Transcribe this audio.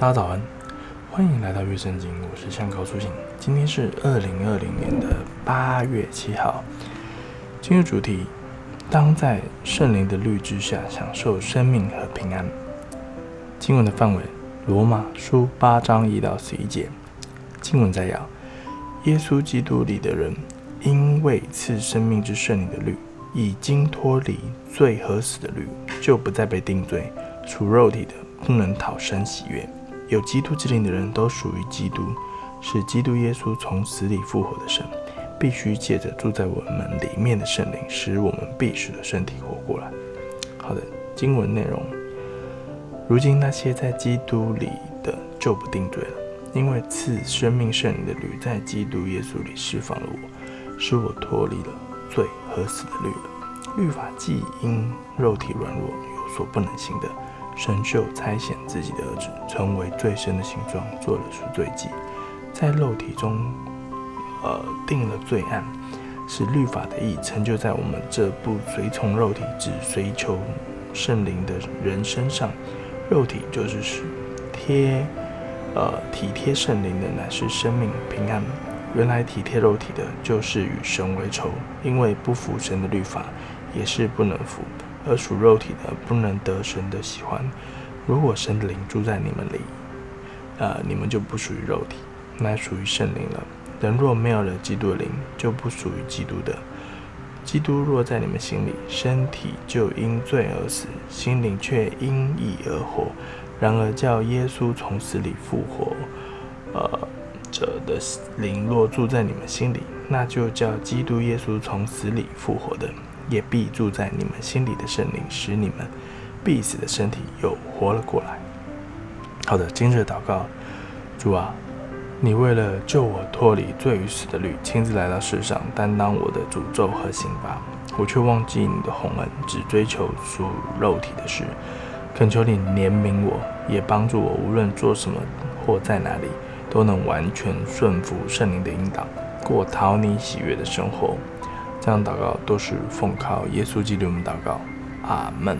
大家早安，歡迎來到樂聖經，我是向高書行。今天是二零二零年的八月七號。今日主題：當在聖靈的律之下享受生命和平安。經文的範圍：羅馬書八章一到十一節。經文摘要：耶穌基督裡的人，因為賜生命之聖靈的律，已經脫離罪和死的律，就不再被定罪，屬肉體的不能討神喜悅。有基督之靈的人都屬於基督，是基督耶穌從死裡復活的神，必須借着住在我們門裡面的聖靈，使我們必死的身體活過來。好的，經文內容。如今那些在基督裡的就不定罪了，因為賜生命聖靈的律在基督耶穌裡釋放了我，使我脫離了罪和死的律了。律法既因肉體軟弱有所不能行的。神就差遣自己的兒子成為罪身的形狀，做了贖罪祭，在肉體中，呃，定了罪案，使律法的義成就在我們這不隨從肉體只隨求聖靈的人身上。肉體就是貼，呃，體貼聖靈的乃是生命平安。原來體貼肉體的，就是與神為仇，因為不服神的律法，也是不能服。而屬肉體的，不能得神的喜歡。如果神靈住在你們裡，啊，你們就不屬於肉體，乃屬於聖靈了。人若沒有了基督靈，就不屬於基督的。基督若在你們心裡，身體就因罪而死，心靈卻因義而活。然而叫耶穌從死裡復活，呃，者的靈若住在你們心裡，那就叫基督耶穌從死裡復活的，也必住在你們心裡的聖靈，使你們必死的身體又活了過來。好的，今日禱告，主啊，你為了救我脫離罪與死的律，親自來到世上，擔當我的詛咒和刑罰。我卻忘記你的鴻恩，只追求屬肉體的事。懇求你憐憫我，也幫助我，無論做什麼或在哪裡，都能完全順服聖靈的引導，過討你喜悅的生活。這樣禱告都是奉靠，耶穌基督我們禱告，阿門。